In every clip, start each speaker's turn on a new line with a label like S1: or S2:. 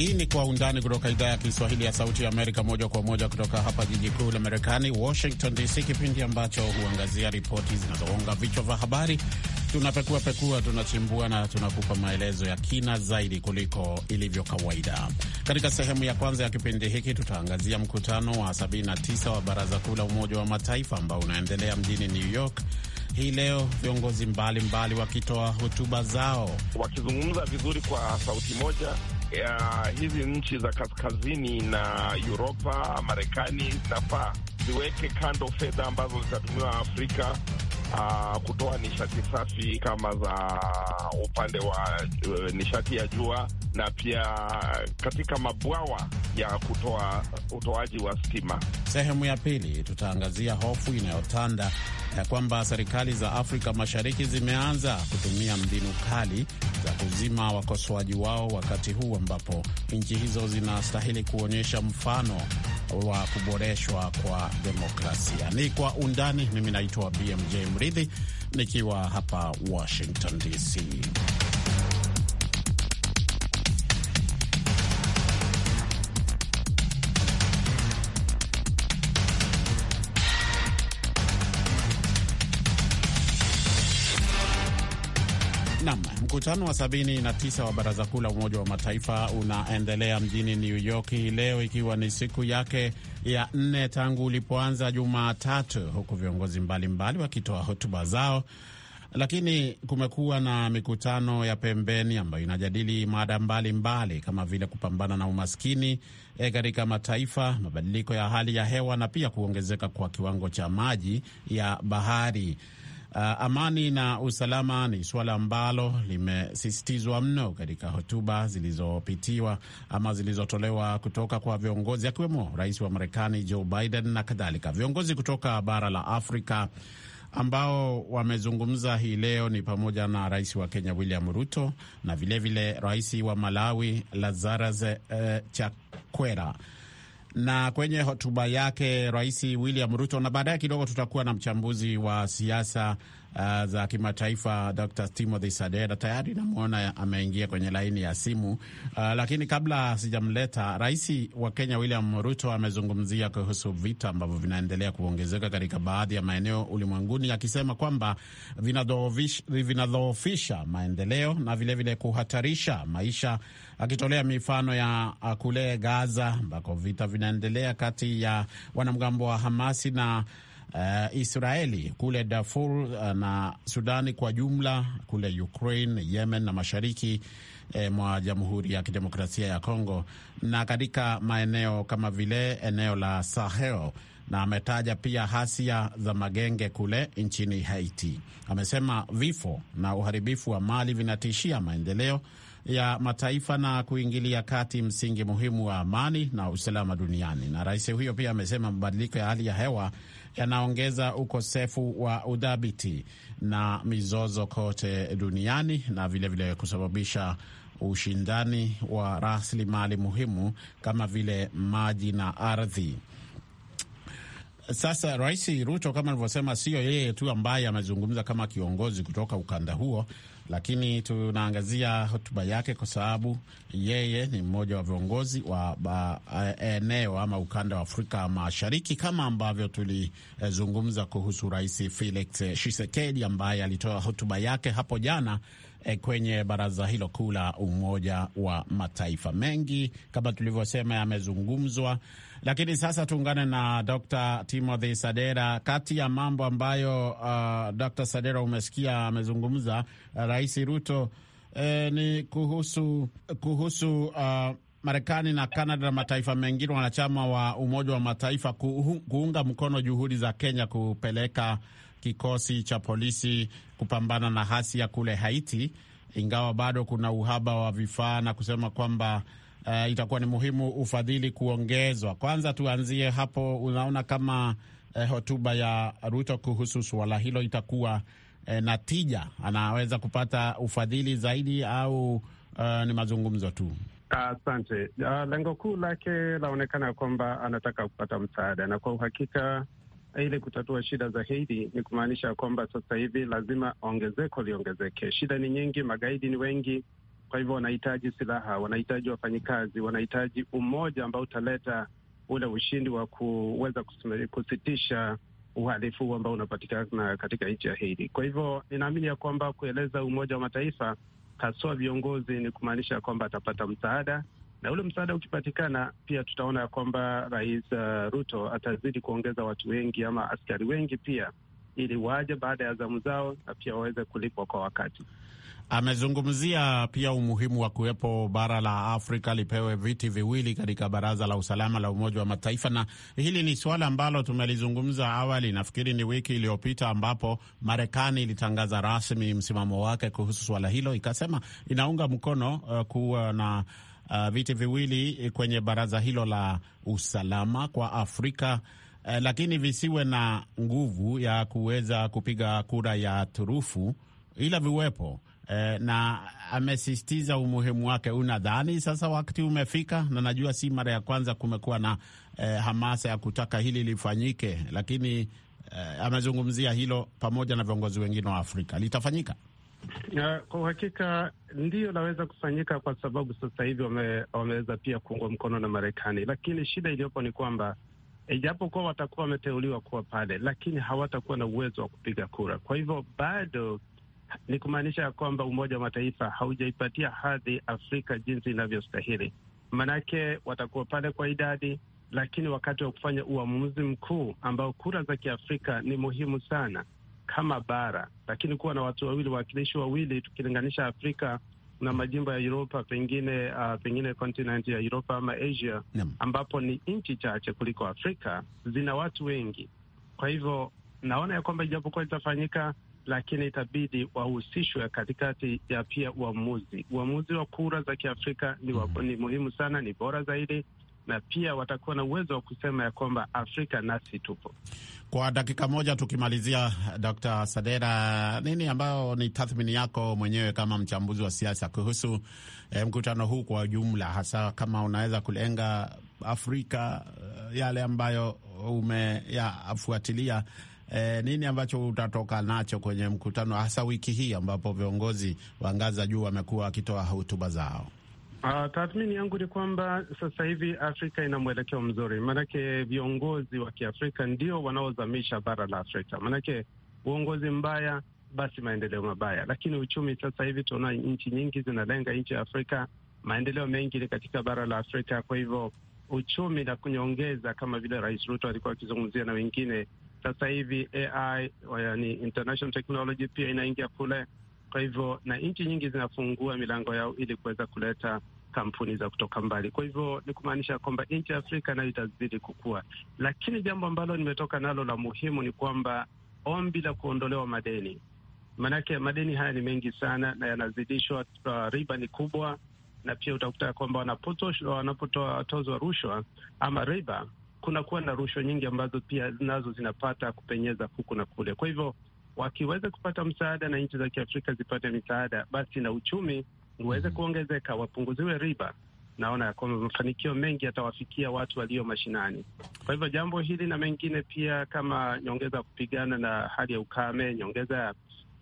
S1: Hii ni Kwa Undani kutoka idhaa ya Kiswahili ya Sauti ya Amerika, moja kwa moja kutoka hapa jiji kuu la Marekani, Washington DC, kipindi ambacho huangazia ripoti zinazoonga vichwa vya habari. Tunapekua pekua, tunachimbua na tunakupa maelezo ya kina zaidi kuliko ilivyo kawaida. Katika sehemu ya kwanza ya kipindi hiki, tutaangazia mkutano wa 79 wa Baraza Kuu la Umoja wa Mataifa ambao unaendelea mjini New York hii leo, viongozi mbalimbali wakitoa hotuba zao, wakizungumza
S2: vizuri kwa sauti moja ya hizi nchi za kaskazini na Uropa, Marekani zinafaa ziweke kando fedha ambazo zitatumiwa Afrika uh, kutoa nishati safi kama za upande wa uh, nishati ya jua na pia katika mabwawa ya kutoa utoaji wa
S1: stima. Sehemu ya pili tutaangazia hofu inayotanda ya kwamba serikali za Afrika Mashariki zimeanza kutumia mbinu kali za kuzima wakosoaji wao, wakati huu ambapo nchi hizo zinastahili kuonyesha mfano wa kuboreshwa kwa demokrasia. Ni kwa undani. Mimi naitwa BMJ Mridhi nikiwa hapa Washington DC. Mkutano wa 79 wa Baraza Kuu la Umoja wa Mataifa unaendelea mjini New York hii leo ikiwa ni siku yake ya nne tangu ulipoanza Jumatatu, huku viongozi mbalimbali wakitoa hotuba zao, lakini kumekuwa na mikutano ya pembeni ambayo inajadili mada mbalimbali kama vile kupambana na umaskini e, katika mataifa, mabadiliko ya hali ya hewa na pia kuongezeka kwa kiwango cha maji ya bahari. Uh, amani na usalama ni suala ambalo limesisitizwa mno katika hotuba zilizopitiwa ama zilizotolewa kutoka kwa viongozi akiwemo rais wa Marekani Joe Biden na kadhalika. Viongozi kutoka bara la Afrika ambao wamezungumza hii leo ni pamoja na rais wa Kenya William Ruto na vilevile rais wa Malawi Lazarus eh, Chakwera na kwenye hotuba yake Rais William Ruto, na baadaye kidogo tutakuwa na mchambuzi wa siasa uh, za kimataifa Dr. Timothy Sadera tayari namwona ameingia kwenye laini ya simu uh, lakini kabla sijamleta, rais wa Kenya William Ruto amezungumzia kuhusu vita ambavyo vinaendelea kuongezeka katika baadhi ya maeneo ulimwenguni, akisema kwamba vinadhoofisha maendeleo na vilevile vile kuhatarisha maisha, akitolea mifano ya uh, kule Gaza ambako vita vinaendelea kati ya wanamgambo wa Hamasi na uh, Israeli kule Darfur uh, na Sudani kwa jumla, kule Ukraine, Yemen na mashariki E, mwa Jamhuri ya Kidemokrasia ya Kongo na katika maeneo kama vile eneo la Sahel na ametaja pia hasia za magenge kule nchini Haiti. Amesema vifo na uharibifu wa mali vinatishia maendeleo ya mataifa na kuingilia kati msingi muhimu wa amani na usalama duniani. Na rais huyo pia amesema mabadiliko ya hali ya hewa yanaongeza ukosefu wa udhabiti na mizozo kote duniani na vilevile vile kusababisha ushindani wa rasilimali muhimu kama vile maji na ardhi. Sasa Rais Ruto kama alivyosema, sio yeye tu ambaye amezungumza kama kiongozi kutoka ukanda huo, lakini tunaangazia hotuba yake kwa sababu yeye ni mmoja wa viongozi wa ba, eh, eneo ama ukanda wa Afrika Mashariki, kama ambavyo tulizungumza kuhusu Rais Felix Tshisekedi ambaye alitoa hotuba yake hapo jana eh, kwenye baraza hilo kuu la Umoja wa Mataifa. Mengi kama tulivyosema yamezungumzwa lakini sasa tuungane na Dr. Timothy Sadera. Kati ya mambo ambayo uh, Dr. Sadera umesikia amezungumza uh, Rais Ruto eh, ni kuhusu kuhusu uh, Marekani na Kanada na mataifa mengine wanachama wa Umoja wa Mataifa kuunga mkono juhudi za Kenya kupeleka kikosi cha polisi kupambana na hasia kule Haiti, ingawa bado kuna uhaba wa vifaa na kusema kwamba uh, itakuwa ni muhimu ufadhili kuongezwa. Kwanza tuanzie hapo, unaona kama uh, hotuba ya Ruto kuhusu suala hilo itakuwa uh, na tija, anaweza kupata ufadhili zaidi au uh, ni mazungumzo tu?
S3: Asante. Uh, uh, lengo kuu lake laonekana kwamba anataka kupata msaada, na kwa uhakika ili kutatua shida za Haiti ni kumaanisha kwamba sasa hivi lazima ongezeko liongezeke. Shida ni nyingi, magaidi ni wengi, kwa hivyo wanahitaji silaha, wanahitaji wafanyikazi, wanahitaji umoja ambao utaleta ule ushindi wa kuweza kusitisha uhalifu huu ambao unapatikana katika nchi ya Haiti. Kwa hivyo ninaamini ya kwamba kueleza Umoja wa Mataifa haswa viongozi ni kumaanisha kwamba atapata msaada, na ule msaada ukipatikana, pia tutaona ya kwamba Rais uh, Ruto atazidi kuongeza watu wengi ama askari wengi pia, ili waje baada ya zamu zao na pia waweze kulipwa kwa wakati.
S1: Amezungumzia pia umuhimu wa kuwepo bara la Afrika lipewe viti viwili katika baraza la usalama la Umoja wa Mataifa, na hili ni suala ambalo tumelizungumza awali, nafikiri ni wiki iliyopita, ambapo Marekani ilitangaza rasmi msimamo wake kuhusu suala hilo, ikasema inaunga mkono uh, kuwa na uh, viti viwili kwenye baraza hilo la usalama kwa Afrika. Uh, lakini visiwe na nguvu ya kuweza kupiga kura ya turufu ila viwepo Eh, na amesisitiza umuhimu wake. Unadhani sasa wakati umefika? Na najua si mara ya kwanza kumekuwa na eh, hamasa ya kutaka hili lifanyike, lakini eh, amezungumzia hilo pamoja na viongozi wengine wa Afrika. Litafanyika
S3: kwa uhakika, ndiyo laweza kufanyika, kwa sababu sasa hivi wame, wameweza pia kuungwa mkono na Marekani, lakini shida iliyopo ni kwamba ijapokuwa watakuwa wameteuliwa kuwa pale, lakini hawatakuwa na uwezo wa kupiga kura. Kwa hivyo bado ni kumaanisha ya kwamba Umoja wa Mataifa haujaipatia hadhi Afrika jinsi inavyostahili. Maanake watakuwa pale kwa idadi, lakini wakati wa kufanya uamuzi mkuu ambao kura za kiafrika ni muhimu sana kama bara, lakini kuwa na watu wawili, wawakilishi wawili, tukilinganisha Afrika na majimbo ya Uropa pengine, uh, pengine kontinenti ya Uropa ama Asia ambapo ni nchi chache kuliko Afrika zina watu wengi. Kwa hivyo naona ya kwamba ijapokuwa itafanyika lakini itabidi wahusishwe katikati ya pia uamuzi. Uamuzi wa kura za Kiafrika ni, wa, mm-hmm. ni muhimu sana, ni bora zaidi na pia watakuwa na uwezo wa kusema ya kwamba Afrika nasi tupo.
S1: Kwa dakika moja tukimalizia, Dr. Sadera, nini ambayo ni tathmini yako mwenyewe kama mchambuzi wa siasa kuhusu eh, mkutano huu kwa jumla, hasa kama unaweza kulenga Afrika eh, yale ambayo umeyafuatilia e, nini ambacho utatoka nacho kwenye mkutano hasa wiki hii ambapo viongozi wa ngazi za juu wamekuwa wakitoa hotuba zao?
S3: Uh, tathmini yangu ni kwamba sasa hivi Afrika ina mwelekeo mzuri, maanake viongozi wa Kiafrika ndio wanaozamisha bara la Afrika, maanake uongozi mbaya basi maendeleo mabaya. Lakini uchumi sasa hivi tunaona nchi nyingi zinalenga nchi ya Afrika, maendeleo mengi ni katika bara la Afrika. Kwa hivyo uchumi na kunyongeza, kama vile Rais Ruto alikuwa akizungumzia na wengine, sasa hivi AI yani international technology pia inaingia kule, kwa hivyo na nchi nyingi zinafungua milango yao ili kuweza kuleta kampuni za kutoka mbali. Kwa hivyo ni kumaanisha kwamba nchi ya Afrika nayo itazidi kukua, lakini jambo ambalo nimetoka nalo la muhimu ni kwamba ombi la kuondolewa madeni, maanake madeni haya ni mengi sana na yanazidishwa, uh, riba ni kubwa, na pia utakuta kwamba wanapotoa tozo rushwa ama riba kunakuwa na rushwa nyingi ambazo pia nazo zinapata kupenyeza huku na kule. Kwa hivyo wakiweza kupata msaada na nchi za Kiafrika zipate misaada, basi na uchumi uweze mhm. kuongezeka, wapunguziwe riba. Naona ya kwamba mafanikio mengi yatawafikia watu walio mashinani. Kwa hivyo jambo hili na mengine pia kama nyongeza ya kupigana na hali ya ukame, nyongeza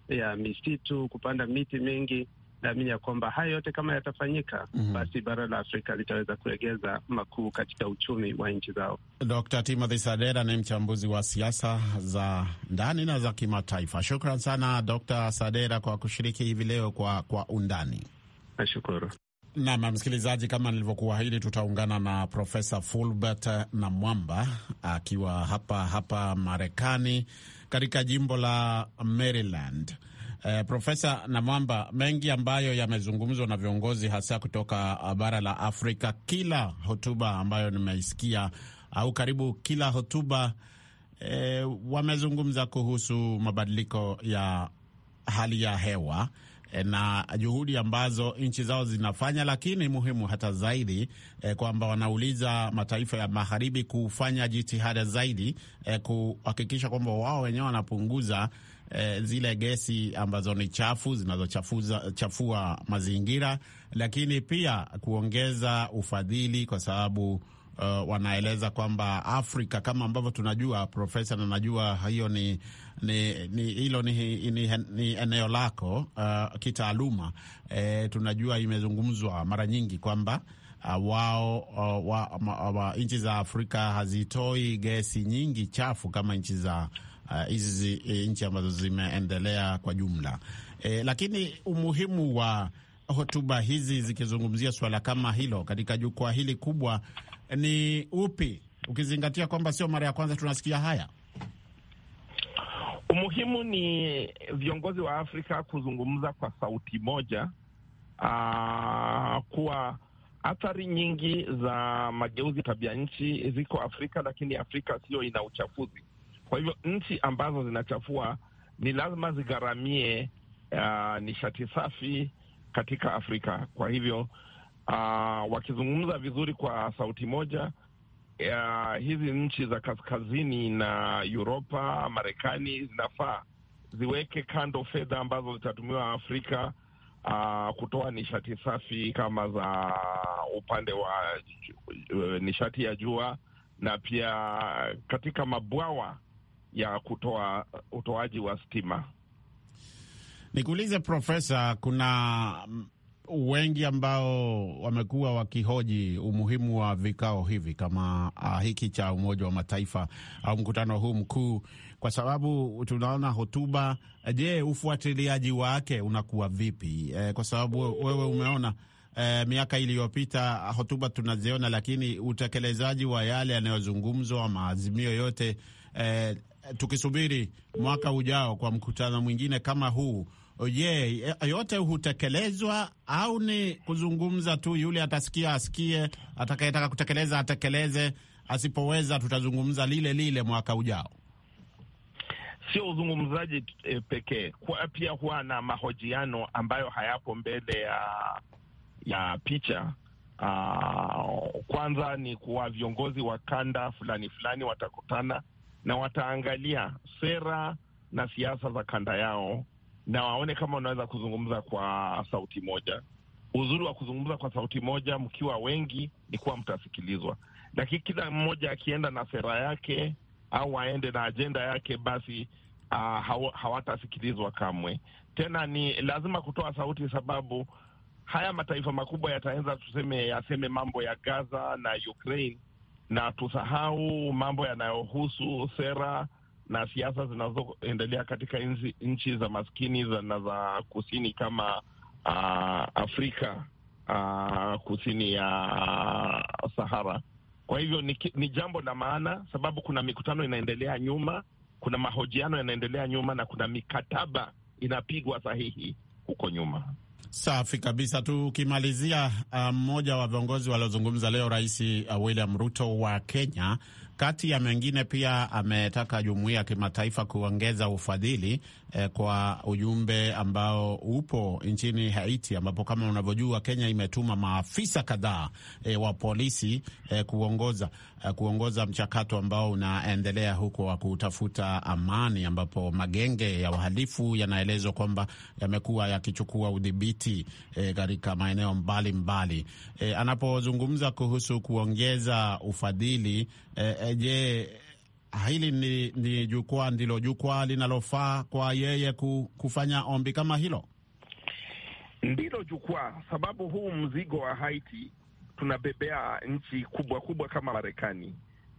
S3: ya misitu, kupanda miti mingi naamini ya kwamba haya yote kama yatafanyika, mm -hmm. basi bara la Afrika litaweza kuegeza makuu katika uchumi wa nchi zao.
S1: Dr. Timothy Sadera ni mchambuzi wa siasa za ndani na za kimataifa. Shukran sana Dr. Sadera kwa kushiriki hivi leo kwa kwa undani. Nashukuru. Nam msikilizaji, kama nilivyokuahidi, tutaungana na Profesa Fulbert Namwamba akiwa hapa hapa Marekani katika jimbo la Maryland Eh, Profesa Namwamba, mengi ambayo yamezungumzwa na viongozi hasa kutoka uh, bara la Afrika. Kila hotuba ambayo nimeisikia au karibu kila hotuba E, wamezungumza kuhusu mabadiliko ya hali ya hewa e, na juhudi ambazo nchi zao zinafanya, lakini muhimu hata zaidi e, kwamba wanauliza mataifa ya magharibi kufanya jitihada zaidi e, kuhakikisha kwamba wao wenyewe wanapunguza eh, zile gesi ambazo ni chafu zinazochafua mazingira, lakini pia kuongeza ufadhili kwa sababu Uh, wanaeleza kwamba Afrika kama ambavyo tunajua, profesa, na najua hiyo ni hilo ni, ni, ni, ni, ni eneo lako uh, kitaaluma eh, tunajua imezungumzwa mara nyingi kwamba uh, wao uh, wa, wa, wa, nchi za Afrika hazitoi gesi nyingi chafu kama nchi za Eh, hizi uh, nchi ambazo zimeendelea kwa jumla e, lakini umuhimu wa hotuba hizi zikizungumzia swala kama hilo katika jukwaa hili kubwa ni upi, ukizingatia kwamba sio mara ya kwanza tunasikia haya?
S2: Umuhimu ni viongozi wa Afrika kuzungumza kwa sauti moja, aa, ah, kuwa athari nyingi za mageuzi tabia nchi ziko Afrika, lakini Afrika sio ina uchafuzi. Kwa hivyo nchi ambazo zinachafua ni lazima zigharamie uh, nishati safi katika Afrika. Kwa hivyo uh, wakizungumza vizuri kwa sauti moja uh, hizi nchi za kaskazini na Uropa, Marekani zinafaa ziweke kando fedha ambazo zitatumiwa Afrika uh, kutoa nishati safi kama za upande wa nishati ya jua na pia katika mabwawa ya kutoa utoaji wa stima.
S1: Nikuulize Profesa, kuna wengi ambao wamekuwa wakihoji umuhimu wa vikao hivi kama uh, hiki cha Umoja wa Mataifa au mkutano huu mkuu, kwa sababu tunaona hotuba. Je, ufuatiliaji wake unakuwa vipi? E, kwa sababu wewe umeona e, miaka iliyopita hotuba tunaziona, lakini utekelezaji wa yale yanayozungumzwa maazimio yote eh, tukisubiri mwaka ujao kwa mkutano mwingine kama huu, je, yote hutekelezwa au ni kuzungumza tu? Yule atasikia asikie, atakayetaka kutekeleza atekeleze, asipoweza tutazungumza lile lile mwaka ujao.
S2: Sio uzungumzaji e, pekee, kwa pia huwa na mahojiano ambayo hayapo mbele ya ya picha. Aa, kwanza ni kuwa viongozi wa kanda fulani fulani watakutana na wataangalia sera na siasa za kanda yao na waone kama wanaweza kuzungumza kwa sauti moja. Uzuri wa kuzungumza kwa sauti moja mkiwa wengi ni kuwa mtasikilizwa, lakini kila mmoja akienda na sera yake au aende na ajenda yake, basi uh, hawatasikilizwa kamwe. Tena ni lazima kutoa sauti, sababu haya mataifa makubwa yataanza tuseme, yaseme mambo ya Gaza na Ukraine na tusahau mambo yanayohusu sera na siasa zinazoendelea katika inzi, nchi za maskini za, na za kusini kama uh, Afrika uh, kusini ya uh, Sahara. Kwa hivyo ni, ni jambo la maana, sababu kuna mikutano inaendelea nyuma, kuna mahojiano yanaendelea nyuma na kuna mikataba inapigwa sahihi huko nyuma.
S1: Safi kabisa. Tukimalizia uh, mmoja um, wa viongozi waliozungumza leo, Rais uh, William Ruto wa Kenya kati ya mengine pia ametaka jumuiya ya kimataifa kuongeza ufadhili eh, kwa ujumbe ambao upo nchini Haiti, ambapo kama unavyojua Kenya imetuma maafisa kadhaa eh, wa polisi eh, kuongoza eh, kuongoza mchakato ambao unaendelea huko wa kutafuta amani, ambapo magenge ya wahalifu yanaelezwa kwamba yamekuwa yakichukua udhibiti eh, katika maeneo mbalimbali mbali. Eh, anapozungumza kuhusu kuongeza ufadhili eh, Eh, je, hili ni, ni jukwaa ndilo jukwaa linalofaa kwa yeye kufanya ombi kama hilo?
S2: Ndilo jukwaa, sababu huu mzigo wa Haiti tunabebea nchi kubwa kubwa kama Marekani.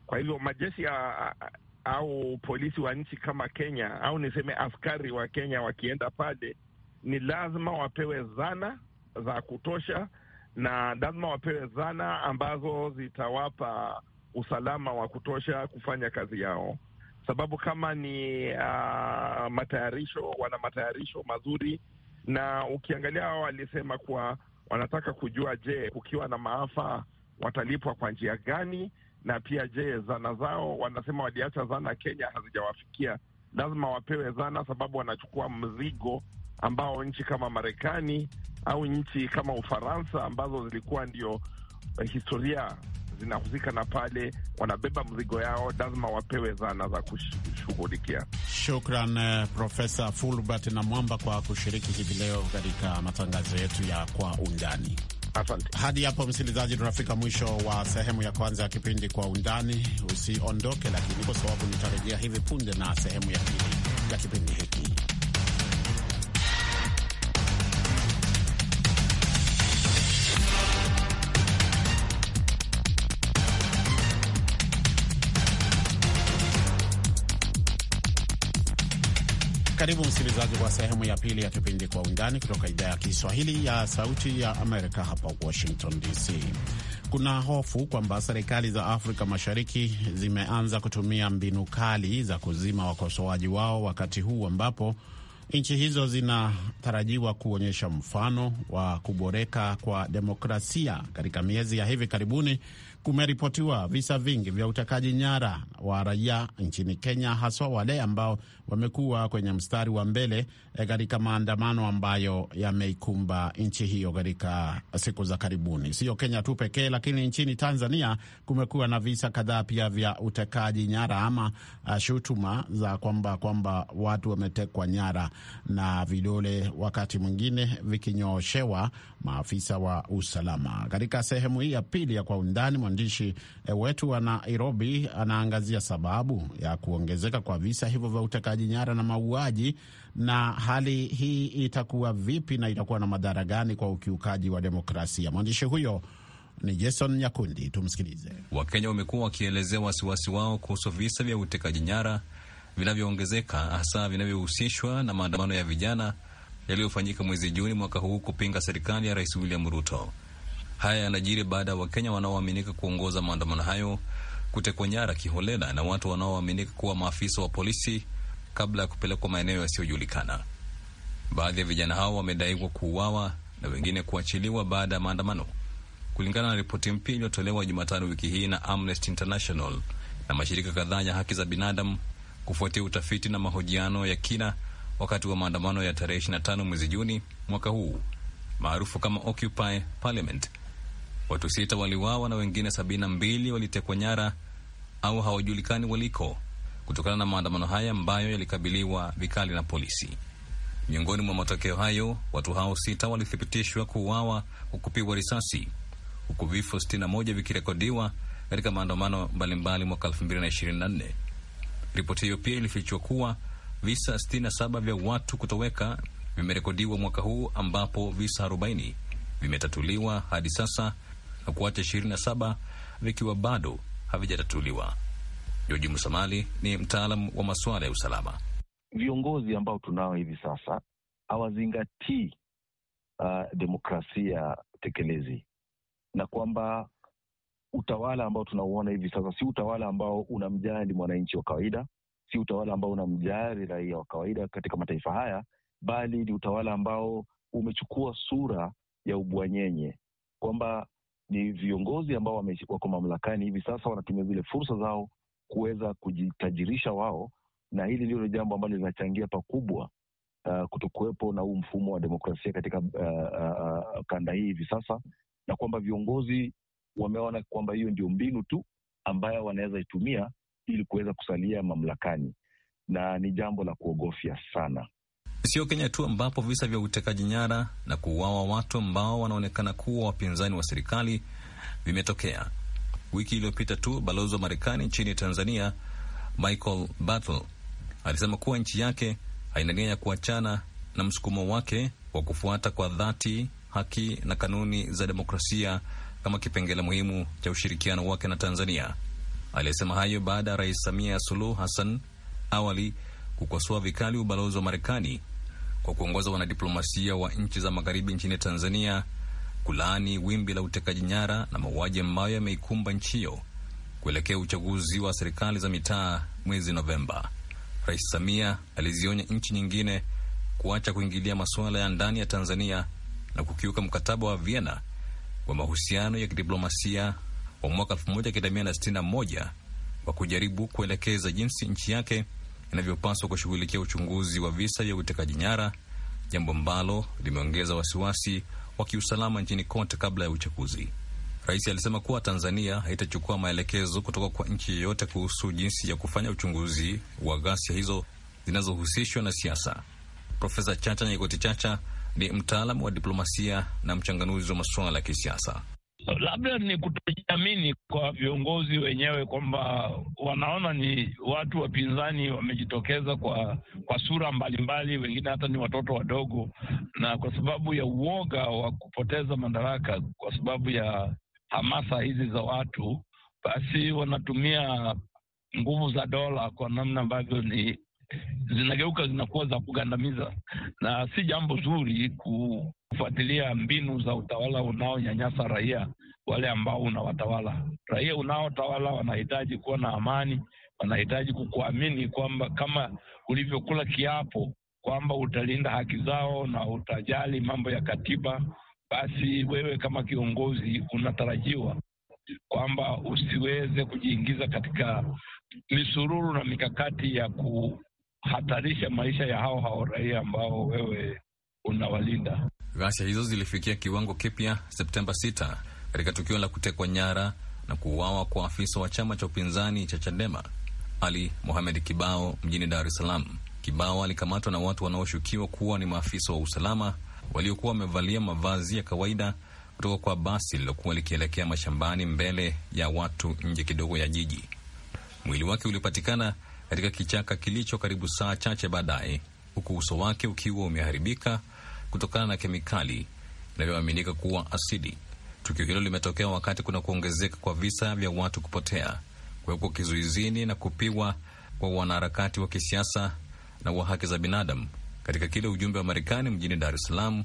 S2: Kwa hivyo majeshi ya au polisi wa nchi kama Kenya au niseme askari wa Kenya wakienda pale, ni lazima wapewe zana za kutosha na lazima wapewe zana ambazo zitawapa usalama wa kutosha kufanya kazi yao, sababu kama ni uh, matayarisho, wana matayarisho mazuri, na ukiangalia hao walisema kuwa wanataka kujua, je, kukiwa na maafa watalipwa kwa njia gani? Na pia je, zana zao, wanasema waliacha zana Kenya hazijawafikia, lazima wapewe zana, sababu wanachukua mzigo ambao nchi kama Marekani au nchi kama Ufaransa ambazo zilikuwa ndio eh, historia zinahusika na pale, wanabeba mzigo yao, lazima wapewe zana za kushughulikia.
S1: Shukran eh, Profesa Fulbert na Mwamba kwa kushiriki hivi leo katika matangazo yetu ya Kwa Undani. Asante. Hadi hapo msikilizaji, tunafika mwisho wa sehemu ya kwanza ya kipindi Kwa Undani. Usiondoke, lakini kwa sababu nitarejea hivi punde na sehemu ya pili ya kipindi hiki. Karibu msikilizaji kwa sehemu ya pili ya kipindi Kwa Undani kutoka idhaa ya Kiswahili ya Sauti ya Amerika, hapa Washington DC. Kuna hofu kwamba serikali za Afrika Mashariki zimeanza kutumia mbinu kali za kuzima wakosoaji wao, wakati huu ambapo nchi hizo zinatarajiwa kuonyesha mfano wa kuboreka kwa demokrasia katika miezi ya hivi karibuni kumeripotiwa visa vingi vya utekaji nyara wa raia nchini Kenya, haswa wale ambao wamekuwa kwenye mstari wa mbele eh, katika maandamano ambayo yameikumba nchi hiyo katika siku za karibuni. Sio Kenya tu pekee, lakini nchini Tanzania kumekuwa na visa kadhaa pia vya utekaji nyara ama ah, shutuma za kwamba kwamba watu wametekwa nyara na vidole wakati mwingine vikinyooshewa maafisa wa usalama. Katika sehemu hii ya pili ya kwa undani mwandishi eh, wetu wa Nairobi anaangazia sababu ya kuongezeka kwa visa hivyo vya utekaji nyara na mauaji, na hali hii itakuwa vipi na itakuwa na madhara gani kwa ukiukaji wa demokrasia. Mwandishi huyo ni Jason Nyakundi, tumsikilize.
S4: Wakenya wamekuwa wakielezea wasiwasi wao kuhusu visa vya utekaji nyara vinavyoongezeka, hasa vinavyohusishwa na maandamano ya vijana yaliyofanyika mwezi Juni mwaka huu kupinga serikali ya Rais William Ruto. Haya yanajiri baada ya Wakenya wanaoaminika kuongoza maandamano hayo kutekwa nyara kiholela na watu wanaoaminika kuwa maafisa wa polisi kabla ya kupelekwa maeneo yasiyojulikana. Baadhi ya vijana hao wamedaiwa kuuawa na wengine kuachiliwa baada ya maandamano, kulingana na ripoti mpya iliyotolewa Jumatano wiki hii na Amnesty International na mashirika kadhaa ya haki za binadamu kufuatia utafiti na mahojiano ya kina wakati wa maandamano ya tarehe 25 mwezi Juni mwaka huu maarufu kama Occupy Parliament Watu sita waliwawa na wengine sabini na mbili walitekwa nyara au hawajulikani waliko kutokana na maandamano haya ambayo yalikabiliwa vikali na polisi. Miongoni mwa matokeo hayo, watu hao sita walithibitishwa kuuawa kwa kupigwa risasi huku vifo 61 vikirekodiwa katika maandamano mbalimbali mwaka 2024. Ripoti hiyo pia ilifichua kuwa visa 67 vya watu kutoweka vimerekodiwa mwaka huu ambapo visa 40 vimetatuliwa hadi sasa na kuacha 27 vikiwa bado havijatatuliwa. Joji Musamali ni mtaalam wa masuala ya usalama.
S5: Viongozi ambao tunao hivi sasa hawazingatii uh, demokrasia tekelezi na kwamba utawala ambao tunauona hivi sasa si utawala ambao unamjali mwananchi wa kawaida, si utawala ambao unamjali raia wa kawaida katika mataifa haya, bali ni utawala ambao umechukua sura ya ubwanyenye, kwamba ni viongozi ambao wako mamlakani hivi sasa wanatumia zile fursa zao kuweza kujitajirisha wao, na hili ndilo jambo ambalo linachangia pakubwa uh, kutokuwepo na huu mfumo wa demokrasia katika uh, uh, uh kanda hii hivi sasa, na kwamba viongozi wameona kwamba hiyo ndio mbinu tu ambayo wanaweza itumia ili kuweza kusalia mamlakani, na ni jambo la kuogofya sana.
S4: Sio Kenya tu ambapo visa vya utekaji nyara na kuuawa watu ambao wanaonekana kuwa wapinzani wa serikali vimetokea. Wiki iliyopita tu balozi wa Marekani nchini Tanzania Michael Battle alisema kuwa nchi yake haina nia ya kuachana na msukumo wake wa kufuata kwa dhati haki na kanuni za demokrasia kama kipengele muhimu cha ushirikiano wake na Tanzania. Aliyesema hayo baada ya Rais Samia Suluhu Hassan awali kukosoa vikali ubalozi wa Marekani kwa kuongoza wanadiplomasia wa nchi za magharibi nchini Tanzania kulaani wimbi la utekaji nyara na mauaji ambayo yameikumba nchi hiyo kuelekea uchaguzi wa serikali za mitaa mwezi Novemba. Rais Samia alizionya nchi nyingine kuacha kuingilia masuala ya ndani ya Tanzania na kukiuka mkataba wa Vienna wa mahusiano ya kidiplomasia wa mwaka 1961 wa kujaribu kuelekeza jinsi nchi yake inavyopaswa kushughulikia uchunguzi wa visa vya utekaji nyara, jambo ambalo limeongeza wasiwasi wa kiusalama nchini kote kabla ya uchaguzi. Rais alisema kuwa Tanzania haitachukua maelekezo kutoka kwa nchi yeyote kuhusu jinsi ya kufanya uchunguzi wa ghasia hizo zinazohusishwa na siasa. Profesa Chacha Nyekoti Chacha ni mtaalamu wa diplomasia na mchanganuzi wa masuala ya kisiasa
S6: labda ni kutojiamini kwa viongozi wenyewe kwamba wanaona ni watu wapinzani wamejitokeza kwa kwa sura mbalimbali, wengine hata ni watoto wadogo, na kwa sababu ya uoga wa kupoteza madaraka, kwa sababu ya hamasa hizi za watu, basi wanatumia nguvu za dola kwa namna ambavyo ni zinageuka zinakuwa za kugandamiza, na si jambo zuri kufuatilia mbinu za utawala unaonyanyasa raia wale ambao unawatawala. Raia unaotawala wanahitaji kuwa na amani, wanahitaji kukuamini kwamba kama ulivyokula kiapo kwamba utalinda haki zao na utajali mambo ya katiba, basi wewe kama kiongozi unatarajiwa kwamba usiweze kujiingiza katika misururu na mikakati ya ku hatarisha maisha ya hao hao raia ambao wewe unawalinda.
S4: Ghasia hizo zilifikia kiwango kipya Septemba 6 katika tukio la kutekwa nyara na kuuawa kwa afisa wa chama cha upinzani cha Chadema Ali Mohamed Kibao mjini Dar es Salaam. Kibao alikamatwa na watu wanaoshukiwa kuwa ni maafisa wa usalama waliokuwa wamevalia mavazi ya kawaida kutoka kwa basi lilokuwa likielekea mashambani mbele ya watu nje kidogo ya jiji. Mwili wake ulipatikana katika kichaka kilicho karibu saa chache baadaye, huku uso wake ukiwa umeharibika kutokana na kemikali inayoaminika kuwa asidi. Tukio hilo limetokea wakati kuna kuongezeka kwa visa vya watu kupotea, kuwekwa kizuizini na kupigwa kwa wanaharakati wa kisiasa na wa haki za binadamu katika kile ujumbe wa Marekani mjini Dar es Salaam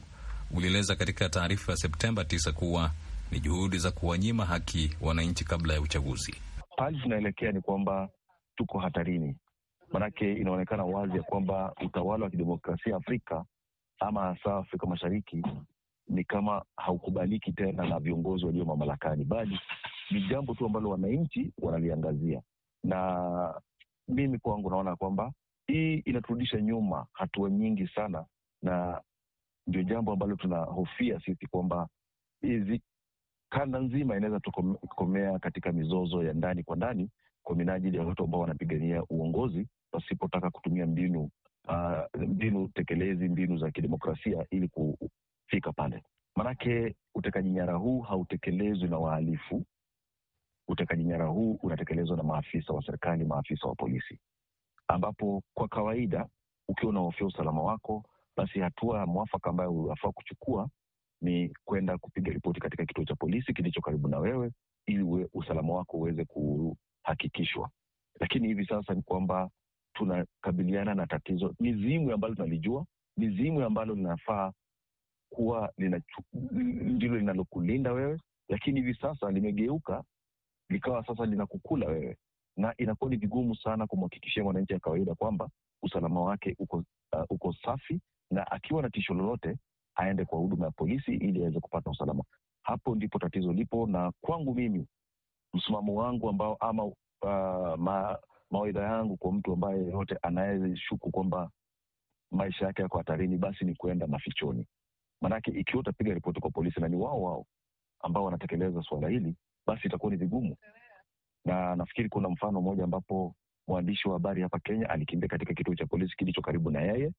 S4: ulieleza katika taarifa ya Septemba 9 kuwa ni juhudi za kuwanyima haki wananchi kabla ya uchaguzi.
S5: Hali zinaelekea ni kwamba tuko hatarini, manake inaonekana wazi ya kwamba utawala wa kidemokrasia Afrika ama hasa Afrika Mashariki ni kama haukubaliki tena na viongozi walio mamlakani, bali ni jambo tu ambalo wananchi wanaliangazia. Na mimi kwangu naona kwamba hii inaturudisha nyuma hatua nyingi sana, na ndio jambo ambalo tunahofia sisi kwamba hizi kanda nzima inaweza tukomea katika mizozo ya ndani kwa ndani kwa minajili ya watu ambao wanapigania uongozi pasipotaka kutumia mbinu uh, mbinu tekelezi, mbinu za kidemokrasia ili kufika pale. Manake utekaji nyara huu hautekelezwi na wahalifu. Utekaji nyara huu unatekelezwa na maafisa wa serikali, maafisa wa polisi, ambapo kwa kawaida ukiwa unahofia usalama wako, basi hatua ya mwafaka ambayo unafaa kuchukua ni kwenda kupiga ripoti katika kituo cha polisi kilicho karibu na wewe, ili usalama wako uweze ku, hakikishwa. Lakini hivi sasa ni kwamba tunakabiliana na tatizo, ni zimwi ambalo tunalijua, ni zimwi ambalo linafaa kuwa ndilo linalokulinda wewe, lakini hivi sasa limegeuka likawa sasa linakukula wewe, na inakuwa ni vigumu sana kumhakikishia mwananchi wa kawaida kwamba usalama wake uko, uh, uko safi, na akiwa na tisho lolote aende kwa huduma ya polisi ili aweze kupata usalama. Hapo ndipo tatizo lipo, na kwangu mimi msimamo wangu ambao ama uh, ma, mawaidha yangu kwa mtu ambaye yeyote anayeshuku kwamba maisha yake yako hatarini, basi ni kuenda mafichoni. Maanake ikiwa utapiga ripoti kwa polisi na ni wao wao ambao wanatekeleza suala hili, basi itakuwa ni vigumu. Na nafikiri kuna mfano mmoja ambapo mwandishi wa habari hapa Kenya alikimbia katika kituo cha polisi kilicho karibu na yeye,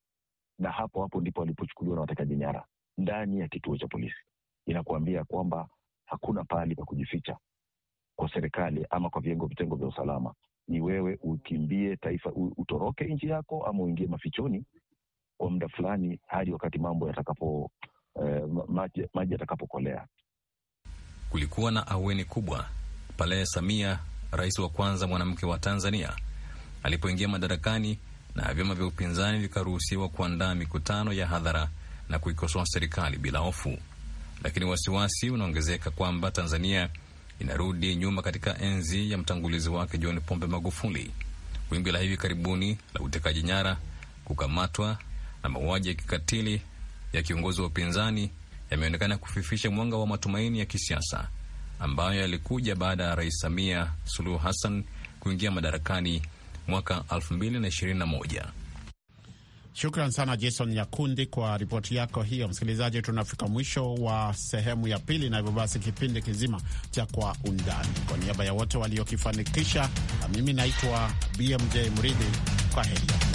S5: na hapo hapo ndipo alipochukuliwa na watekaji nyara ndani ya kituo cha polisi. Inakuambia kwamba hakuna pahali pa kujificha kwa serikali ama kwa viengo vitengo vya usalama ni wewe ukimbie taifa, utoroke nchi yako ama uingie mafichoni kwa muda fulani hadi wakati mambo yatakapo eh, maji, yatakapokolea.
S4: Kulikuwa na aweni kubwa pale Samia, rais wa kwanza mwanamke wa Tanzania, alipoingia madarakani na vyama vya upinzani vikaruhusiwa kuandaa mikutano ya hadhara na kuikosoa serikali bila hofu, lakini wasiwasi unaongezeka kwamba Tanzania inarudi nyuma katika enzi ya mtangulizi wake John Pombe Magufuli. Wimbi la hivi karibuni la utekaji nyara, kukamatwa na mauaji ya kikatili ya kiongozi wa upinzani yameonekana kufifisha mwanga wa matumaini ya kisiasa ambayo yalikuja baada ya Rais Samia Suluhu Hassan kuingia madarakani mwaka 2021.
S1: Shukran sana Jason Nyakundi kwa ripoti yako hiyo. Msikilizaji, tunafika mwisho wa sehemu ya pili, na hivyo basi kipindi kizima cha Kwa Undani, kwa niaba ya wote waliokifanikisha, na mimi naitwa BMJ Mridhi. Kwa heri.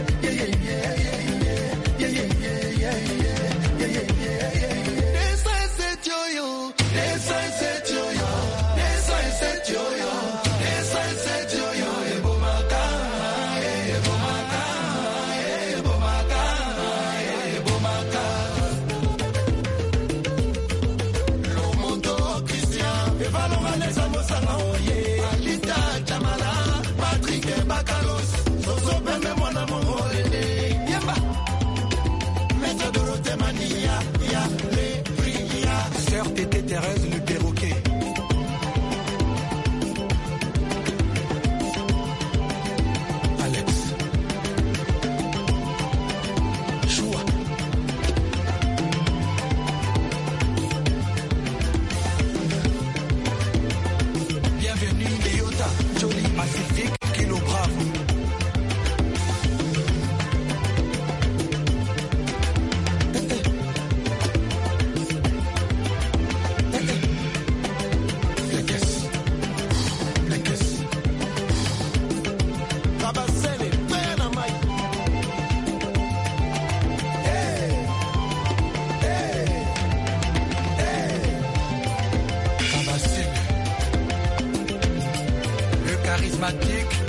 S5: Atlantique.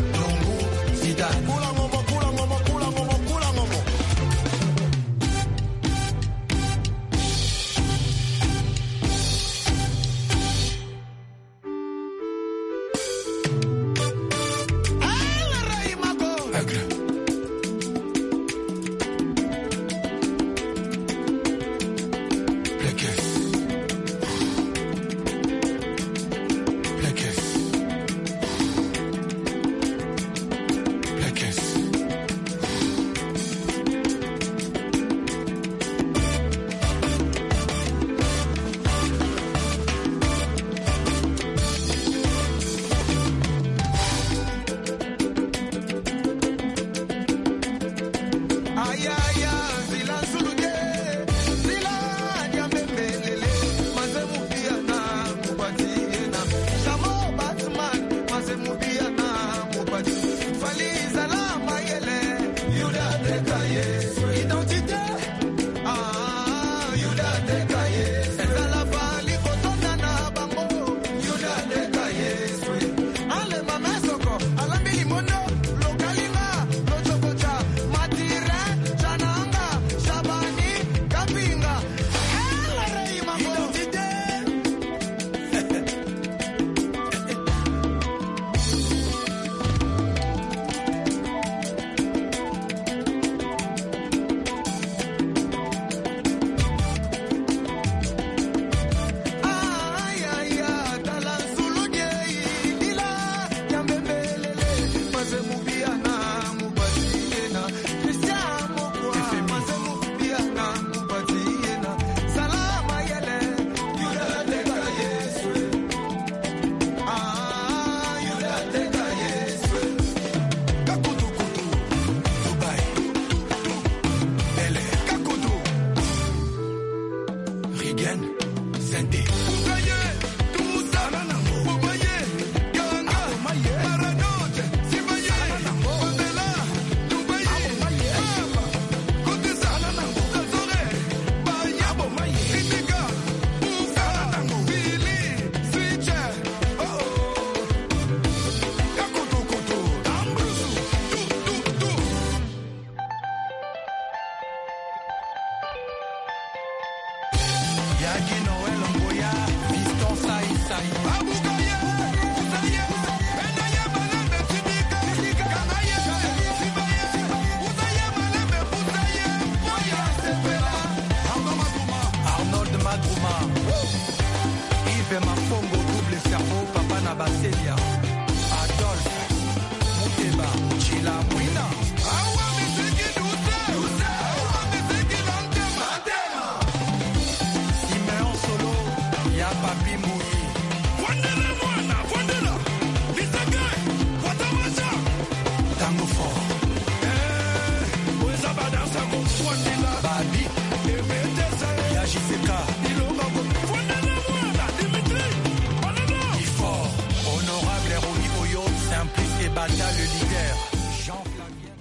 S2: I you know